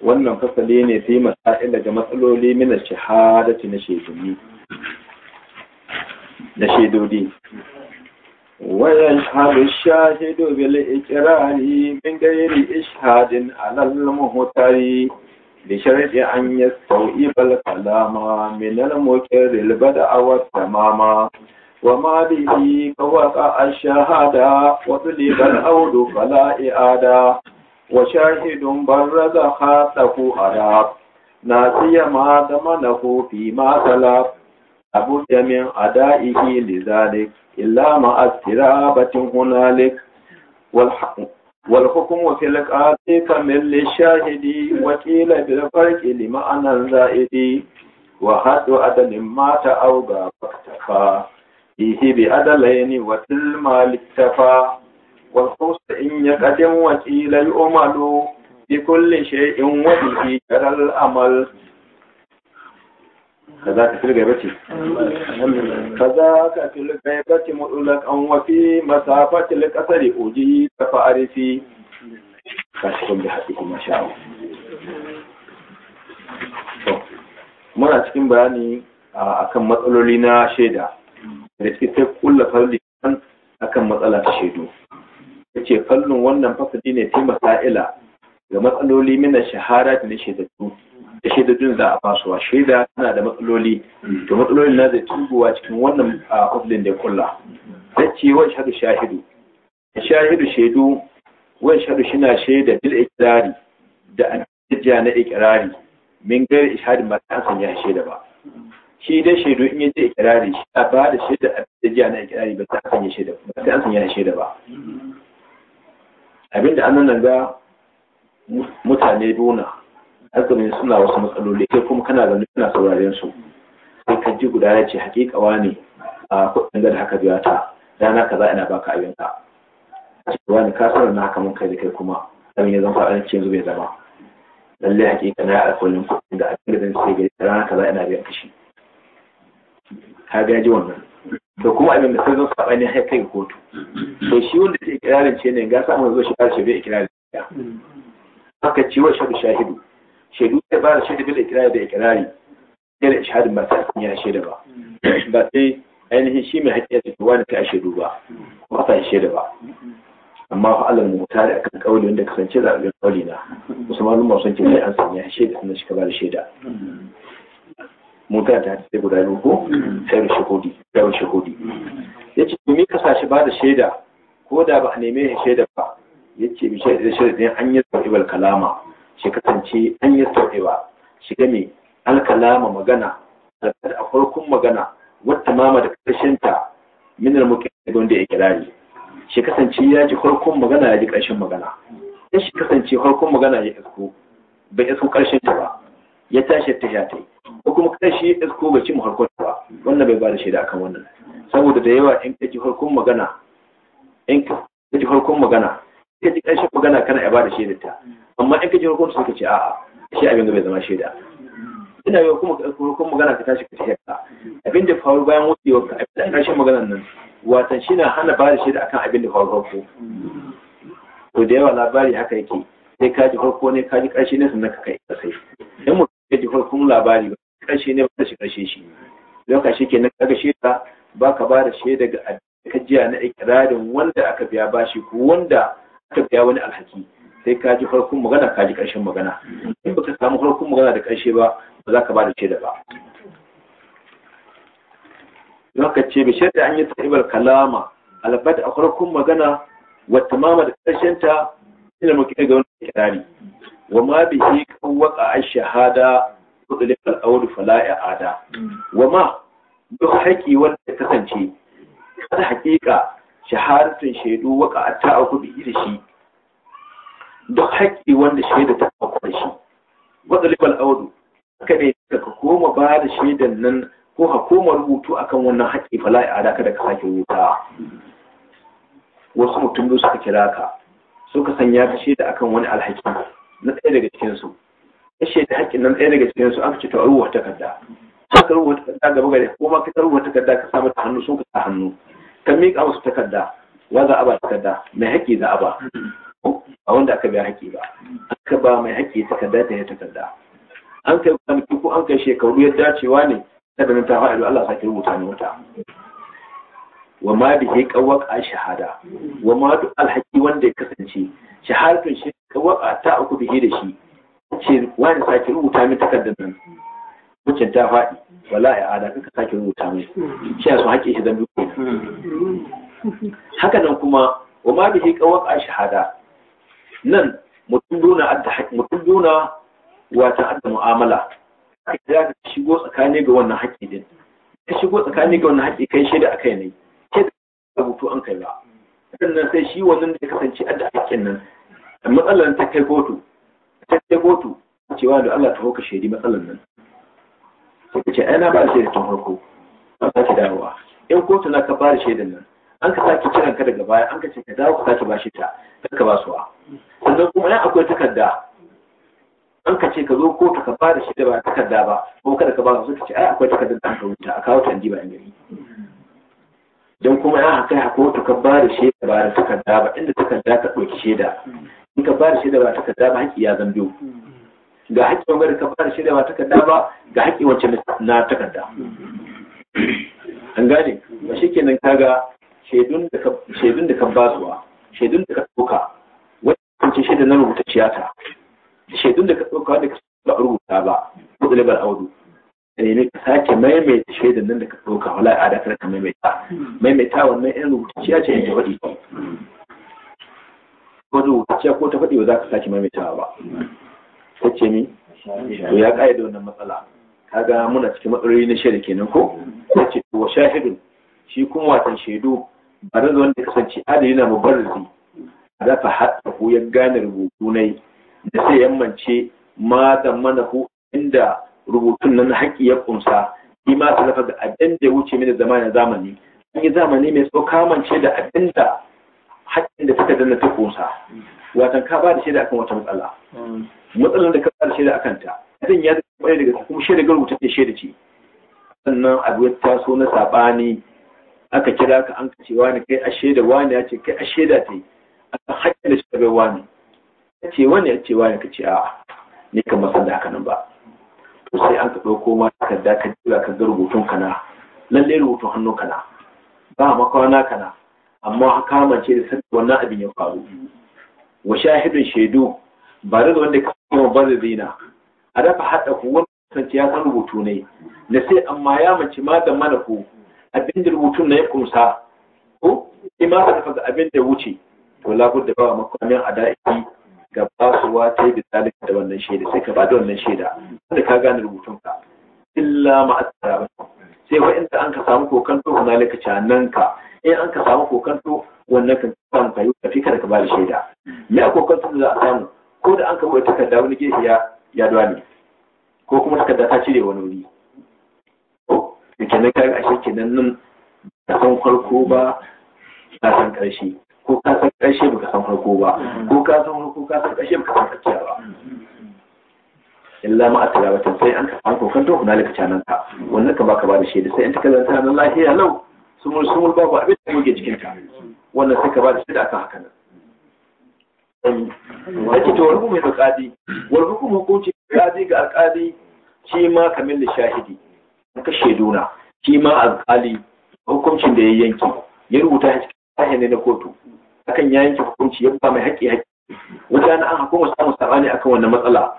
wannan fasali ne sai masa'il daga matsaloli minar shahadati na na shaidodi wayan shahadu shahido bil ikirari min gairi ishadin alal muhtari bi sharti an yastawi bal kalama min al muqirril bada'a wa tamama wa ma bihi kawaqa ash-shahada wa tuliba al-awdu fala i'ada وشاهد برز خاطه أراب ناسي ما ضمنه فيما تلاب لابد من أدائه لذلك إلا مع استرابة هنالك والحكم في القاضي كمل للشاهد وقيل بالفرق لمعنى زائد وحد عدل مات أو غاب اكتفى فيه بعدلين وتلما اكتفى والخوص إن يقدم وكيل يؤمل بكل شيء وبه جرى الأمل كذاك في الغيبة كذاك في الغيبة وفي مسافة القصر أجيب فأعرفي كاشكم بحقكم ما شاء muna cikin bayani a akan matsaloli na shaida da suke kulla farli akan matsala ta shaidu yace fallun wannan fasadi ne fi masaila ga matsaloli mina shahara da na shaidatu da shaidadun za a a shaida tana da matsaloli to matsaloli na zai tubuwa cikin wannan kuflin da kulla dace wa shahadu shahidu shahidu shaidu wa shahadu shina shaida bil ikrari da an tajja na ikirari, min gari ishadi ma ta san ya shaida ba shi da shaidu in yaje ikirari, shi ba da shaida a tajja na ikrari ba ta san ya shaida ba ta san ya shaida ba abinda an nan ga mutane dona azumin suna wasu matsaloli sai kuma kana zaune kana sauraren su sai ka ji guda ya ce hakika wani a kuɗin da haka biya ta ka kaza ina baka abin ka cewa ne sanar na haka mun kai da kai kuma abin ya zama faɗa ce zube zama lalle hakika na alƙalin kudin da abin da zan sai gari ka kaza ina biyan kashi ka gaji wannan da kuma abin da sai zo ya kai kotu to shi wanda ke ikirarin ce ne ga samu zo shi ba shi bai ikirarin ya haka ci wa shaɗu shahidu shaidu da ba da shaidu bil ikirari da ikirari sai da shahadin ba ta ya shaida ba ba sai ainihin shi mai haƙƙi ya ce wani ta shaidu ba ba ta shaida ba amma fa Allah mu tare akan kauli wanda kasance da abin kauli na musamman mun san ce sai an sanya shaida sannan shi ka ba da shaida mun da ta guda biyu ko mm. sai shahudi sai shahudi yace me ka sa shi ba da shaida ko da ba a neme shi shaida ba yace bi shaida shaida din an yi tawibal kalama shi kasance an yi tawiba shi ga me al kalama magana da a farkon magana wata mama da karshen ta min al muqim da ya kirari shi kasance ya ji farkon magana ya ji karshen magana sai shi kasance farkon magana ya isko bai isko karshen ta ba ya tashi ta ya tai ko kuma kai shi ya ko bai ci mu harkon ba wannan bai ba da shaida akan wannan saboda da yawa in kaji harkon magana in kaji harkon magana in kaji ƙarshen magana kana ya ba da shaida ta amma in kaji harkon sai ce a'a shi abin da bai zama shaida ina yau kuma harkon magana ka tashi ka ce ka abin da faru bayan wucewar ka abin da ƙarshen maganar nan watan shi na hana ba da shaida akan abin da faru ko to da yawa labari haka yake sai ka ji harko ne ka ji karshe ne sannan ka kai sai in ji farkon labari ba ƙarshe ne ba shi karshe shi don ka shike na kaga shaida ba ka ba da shaida ga kajiya na ikirarin wanda aka biya bashi ko wanda aka biya wani alhaki sai ka ji farkon magana ka ji karshen magana in ka samu farkon magana da karshe ba ba za ka ba da shaida ba don ka ce bishar da an yi ta'ibar kalama albat a farkon magana wata mama da ƙarshen ta ina muke ga wani ikirari وما به وقع kan waka ash-shahada udlil وما awd fala i'ada wa ma duk haƙi wanda ya kasance kada shaidu da shi duk wanda shaida ta aku da shi ne nan ko rubutu akan wannan haƙƙi fala i'ada kada ka sake rubuta wasu mutum suka kira ka suka sanya ka shaida akan wani alhaki na ɗaya daga cikinsu. su ya shaida haƙƙin nan ɗaya daga cikin su aka ce to a rubuta takarda aka rubuta takarda gaba gare kuma ka rubuta takarda ka samu ta hannu sun ka sa hannu ka miƙa musu takarda wa za a ba takarda mai haƙƙi za a ba a wanda aka biya haƙƙi ba aka ba mai haƙƙi takarda ta yi takarda an kai kwanaki ko an kai shekaru ya dacewa ne ta ganin ta fa'ilu Allah sa sake rubuta ne wata wa ma da ya kawaka shahada wa ma duk alhaki wanda ya kasance shahadatun shi waka ta uku bihe da shi ce wani sake rubuta min takardar nan wucin ta faɗi wala ya ada kaka sake rubuta min shi su haƙe shi zan ko haka nan kuma wa ma bihi qawqa shahada nan mutum duna adda mutum duna wata adda mu'amala za ka shigo tsakani ga wannan haƙƙi din ka shigo tsakani ga wannan haƙƙi kai shaida akai ne ke da rubutu an kai ba sannan sai shi wannan da ya kasance adda haƙƙin nan matsalar ta kai kotu ta kai kotu cewa da Allah ta hauka shaidi matsalar nan sai ka ce ai na ba shaidi tun farko ba ta dawowa in kotu na ka bada shaidan nan an ka saki kiran ka daga baya an ka ce ka dawo ka saki bashi ta kar ka basuwa sannan kuma yan akwai takarda an ka ce ka zo kotu ka bada shaida ba takarda ba ko kada ka ba su ka ce ai akwai takarda da ka wuta a kawo ta ba in gari Dan kuma ya haka ya kotu ka ba da shaida ba da takarda ba inda takarda ka ɗauki shaida ka fara shaida ba takarda ba haƙƙi ya zan biyu ga haƙƙi wanda ka fara shaida ba takarda ba ga haƙƙi wacce na takarda an gane ba shi kenan kaga shaidun da ka basuwa shaidun da ka ɗauka wacce shaida na rubuta ciyata shaidun da ka ɗauka wanda ka ba a rubuta ba ko ɗalibar audu ne ne ka sake maimaita shaidan nan da ka ɗauka wala a da ka maimaita maimaita wannan yan rubutacciya ce da waɗi ko zuciya ko ta faɗi ba za ka sake maimaitawa ba ta ce mi to ya ƙa'ida wannan matsala kaga muna cikin matsaloli na kenan ko ta ce wa shahidu shi kuma watan shaidu ba da wanda ya kasance adali na mubarrizi da fa hatta ko ya gane rubutu nai da sai yammance ma da mana ku inda rubutun nan haƙi ya kunsa ima ta lafa da abin da ya wuce mini zamanin zamani an yi zamani mai tsokamance da abin da haƙƙin da suka danna ta kosa watan ka ba da shaida akan wata matsala mm. matsalar da ka ba da shaida akan ta abin ya zama daga kuma shaida ga rubuta ce shaida ce sannan abu ya taso na sabani aka kira ka an kace wani kai a shaida wani ya ce kai a shaida ta yi aka haƙƙin da shaida bai wani ya ce wani ya ce wani ka ce a'a ni kan masan da haka nan ba to sai an ka ɗauko ma takarda ka jira ka ga rubutun kana lallai rubutun hannun kana ba makawa kana amma ka mace da san wannan abin ya faru wa shahidun shaidu ba da wanda ka kuma da zina a dafa haɗa ku wani kasance ya san rubutu ne na sai amma ya mace ma da mana ku abin da rubutun na ya kumsa ko ima ka ga abin da wuce to da ba makamin ada'i ga basuwa ta yi bisali da wannan shaida sai ka ba da wannan shaida wanda ka gane rubutun ka illa ma'asara ba sai wa inda an ka samu kokanto wannan lakaci canan ka in an ka samu kokanto wannan kan samu kayi ka fi kada ka ba da shaida Ya a kokanto da za a samu ko da an ka bai takarda wani gefe ya ya dwani ko kuma takarda ta cire wani wuri da kenan kayan ashe kenan nan da san farko ba ka san karshe ko ka san karshe ba ka san farko ba ko ka san farko ka san karshe ba ka san karshe ba la ma atalabatin sai an an kokanto hunalika canan ka wannan ka baka ba da shaida sai an ta kazanta nan lafiya lau Sun ba ba abin da yake jikin ka wannan sai ka ba da shaida akan haka nan yake to wani hukumar alƙadi wani hukumar hukunci alƙadi ga alƙadi shi ma kamar da shahidi ka shaiduna shi ma alƙali hukuncin da ya yanki ya rubuta shi cikin ne na kotu akan ya yanki hukunci ya ba mai haƙƙi haƙƙi wajen an hukuma samun sabani akan wannan matsala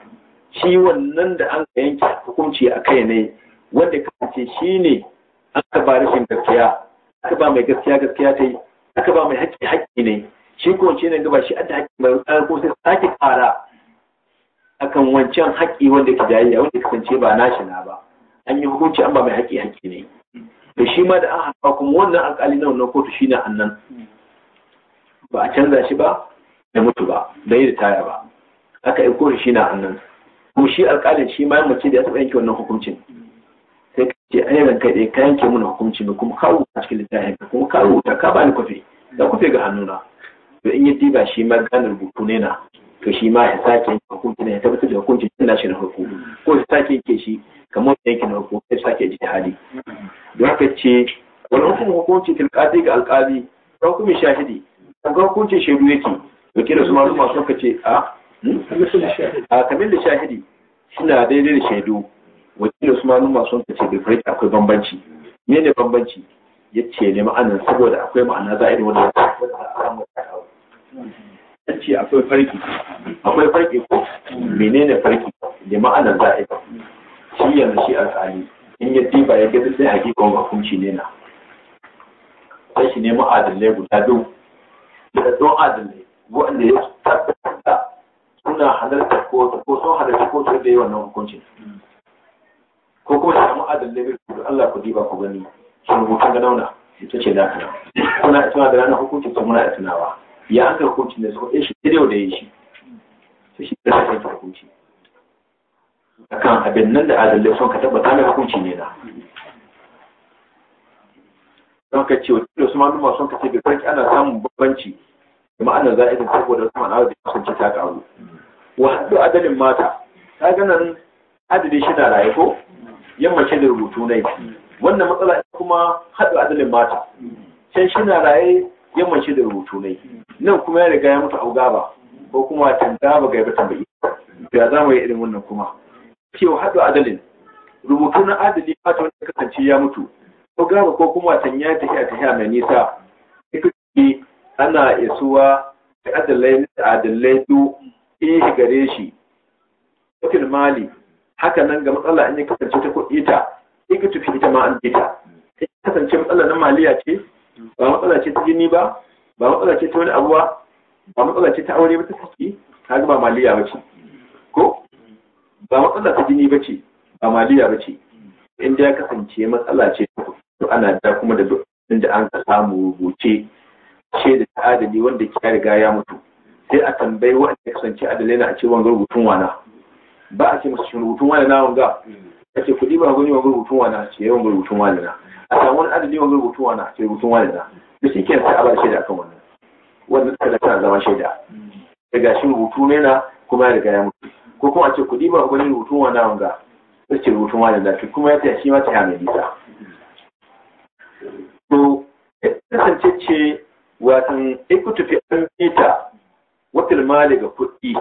shi wannan da an ka yanke hukunci a kai ne wanda ka ce shi ne aka ba rashin gaskiya aka ba mai gaskiya gaskiya ta yi aka ba mai haƙƙi haƙƙi ne shi ko shi ne gaba shi adda haƙƙi mai tsara ko sai sake ƙara akan wancan haƙƙi wanda jayi a wanda kasance ba nashi na ba an yi hukunci an ba mai haƙƙi haƙƙi ne da shi ma da an haɗa kuma wannan alƙali na wannan kotu shi na annan ba a canza shi ba da mutu ba da yi da taya ba aka yi kotu shi na annan kuma shi alƙalin shi ma mace da ya taɓa yanke wannan hukuncin sai ka ce a yanar kai ka yanke mun hukunci ne kuma kawo a cikin littafin kuma kawo ta ka bani kwafi da kwafi ga hannuna to in yi diba shi ma ganar buku ne na to shi ma ya sake yanke hukunci ne ya tabbatar da hukuncin da shi na farko ko ya sake yanke shi kamar da yanke na farko ya sake yanke ta hali da haka ce wani hukumin hukunci tilkaɗi ga alƙali ko hukumin shahidi ko hukuncin shaidu yake to kira su ma su masu ce a ah, Hmm? a kamil da shahidi suna daidai da shaidu Wajen da wakil usmanu masu ka ce da bai akwai bambanci me ne bambanci ya ce ne ma'anar saboda akwai ma'ana za a yi wanda ya ce akwai farki akwai farki ko menene farki da ma'anar za a yi shi yanzu shi alƙali in ya diba ya ga sai hakikan hukunci ne na sai shi ne ma'adalai guda biyu da don adalai wanda ya tabbata suna halarta ko sun halarta ko su da yi wannan hukuncin ko kuma su samu adalai bai Allah ku diba ku gani shi rubutun ga nauna ita ce naka na kuna tuna da ranar hukuncin ta muna tunawa ya aka hukuncin da su shi da yau da yi shi su shi da sai ta hukunci akan abin nan da adalai sun ka tabbata na hukunci ne na don ka ce wasu maluma sun ka ce bai farki ana samun babanci ma'anar za'idin saboda wasu ma'anar da sun ci ta karu wa haɗu adalin mata ta ganin adadin shi na raye ko yamma shi da rubutu nai. wannan matsala kuma haɗu adalin mata can shi na raye yamma shi da rubutu nai. nan kuma ya riga ya mutu auga ba ko kuma tanda ba gaiba tambayi ya za mu yi irin wannan kuma cewa haɗu adalin rubutu na adadin mata wanda kasance ya mutu auga gaba ko kuma tanya ta tafiya mai nisa ita ana isuwa da adalai adalai du eh gare shi wakil mali haka nan ga matsala in ya kasance ta kuɗi ta ita tufi ita ma an ita in kasance matsala na maliya ce ba matsala ce ta jini ba ba matsala ce ta wani abuwa ba matsala ce ta aure ba ta saki kaga ba maliya ba ce ko ba matsala ta jini ba ce ba maliya ba ce in ya kasance matsala ce ta to ana da kuma da duk inda an ka samu rubuce ce da ta adali wanda ya riga ya mutu sai a tambayi wanda ya kasance adalai na a ce wanga rubutun wana ba a ce masu shi rubutun wana na wanga a ce kuɗi ba gani wanga rubutun wana ce yawan rubutun wana na a samu wani adali wanga rubutun wana ce rubutun wana na da shi kenan sai a ba shaida akan wannan wannan kada a zama shaida daga shi rubutu ne na kuma ya riga ya mutu ko kuma a ce kudi ba gani rubutun wana wanga ta ce rubutun wana na kuma ya ta shi ma ta yi mai nisa. To, kasance ce wato ikutu fi an ita wakil mali ga kuɗi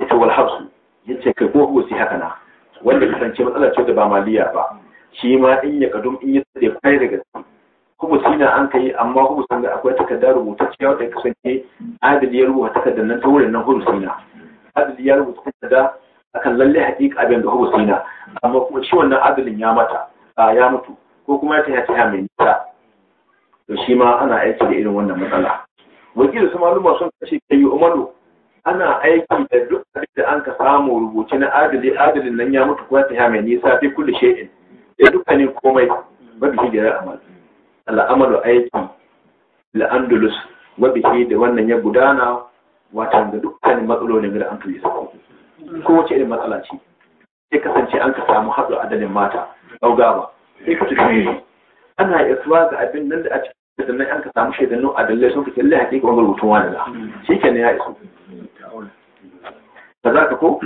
ita wal habsu yace kai ko huwa si haka na wanda kasance matsala ce da ba maliya ba shi ma in ya kadum in ya tsare kai daga kuma sina an kai amma kuma san da akwai takarda rubutacciya da ya kasance adali ya rubuta takardar nan ta wurin nan kuma sina adali ya rubuta takarda akan lalle haƙiƙa abin da kuma sina amma kuma shi wannan adalin ya mata ya mutu ko kuma ya ta ya mai nisa to shi ma ana aiki da irin wannan matsala wakil su maluma sun kashe yi umaru ana aiki da duk abin da an ka samu rubuce na adali adalin nan ya mutu kuma ta mai nisa fi kulle shay'in da dukkanin komai ba bihi da amal al'amalu aiki la'andulus andalus bi da wannan ya gudana watan da dukkanin matsalolin da an tuyi ko wace irin matsala ce sai kasance an ka samu haɗu adalin mata ɗau gaba sai ka tafi ana iya ga abin nan da a cikin nan an ka samu shaidannu dalilai sun fice lai hakika wani rubutun wani na shi ne ya isu ka za ka ko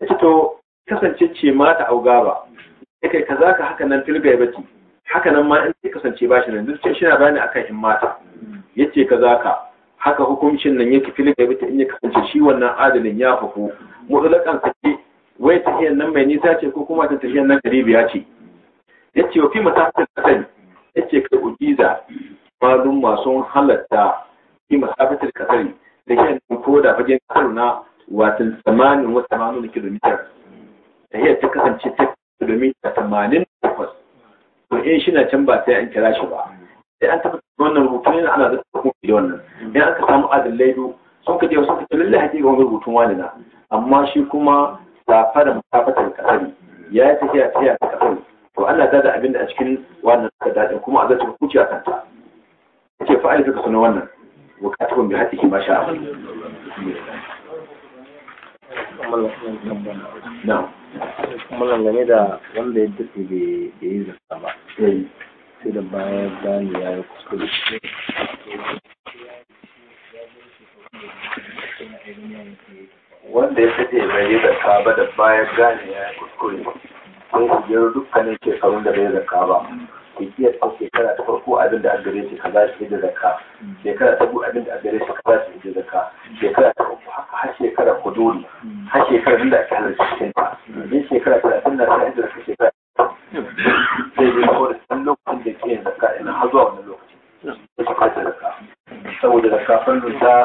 Ya ce to kasance ce mata auga ba kai ka za ka haka nan tilga ya haka nan ma in zai kasance ba shi nan duk ce shina bayani akan ya ce ka za ka haka hukuncin nan yake tilga ya in ya kasance shi wannan adalin ya huku mutlaqan kace wai tafiyan nan mai nisa ce ko kuma ta tafiyan nan karibiya ce ya ce fi masafin kasari ya ce ka ujiza malum masu halatta fi masafatar kasari da ke ko da fagen kasar na watan samanin wata manon kilomita da hiyar ta kasance ta kilomita tamanin takwas to in shi na can ba sai an kira shi ba sai an tafi wannan rubutun yana ana zata kuma da wannan in aka samu adalai biyu sun ka je sun ka ce lallai hakika wani rubutun wani na amma shi kuma da masafatar kasari ya yi tafiya tafiya ta kasari to Allah ta da abin da a cikin wannan ka dadi kuma a zai cikin kuce a yake fa fa'ali ka suna wannan bukatun bi haɗi ma sha Mallam game da wanda ya dace bai yi zaka ba, eh. sai da baya bani ya yi kuskure. Wanda ya dace bai yi zaka ba da baya gane ya yi kuskure. sai su jero dukkanin shekarun da bai zakka ba ku iya ta shekara ta farko abin da agare shi kaza shi da zakka shekara ta biyu abin da agare shi kaza shi da zakka shekara ta uku haka har shekara kuduri har shekara da ake halarci cikin ta in shekara ta talatin na sai da ka shekara sai dai kawai san lokacin da ke yin zakka ina har zuwa wani lokaci sai su kasa zakka saboda zakka fannin ta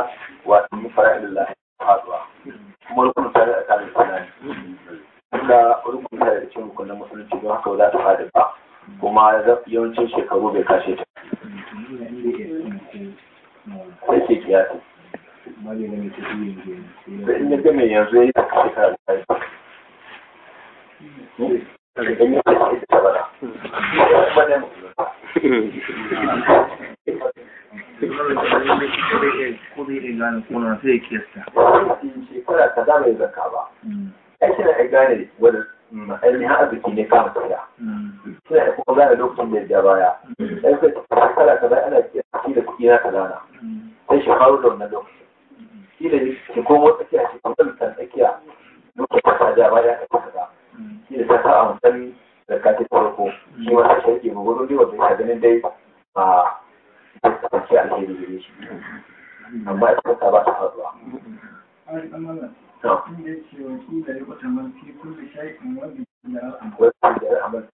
tsaro bai kashe ta sai ke kiyasi da ba. ya ainihin arziki ne kama kaya suna da kuma gane lokacin da ya baya sai kai kala kaza ana ci da kuɗi na kaza sai shi faru da wannan lokacin shi da shi ko motsa tsakiya shi kamar kan tsakiya lokacin da ja baya ka kaza shi da ta sa a mutan da ta farko shi ma ta shirke ba wurin dai wanda ya ganin dai a tsakiya alheri gare shi amma ita ta ba ta faruwa. Ai, ɗan mallam, inda ya ce wa kila ya kwata mafi kulli shay'in wa bi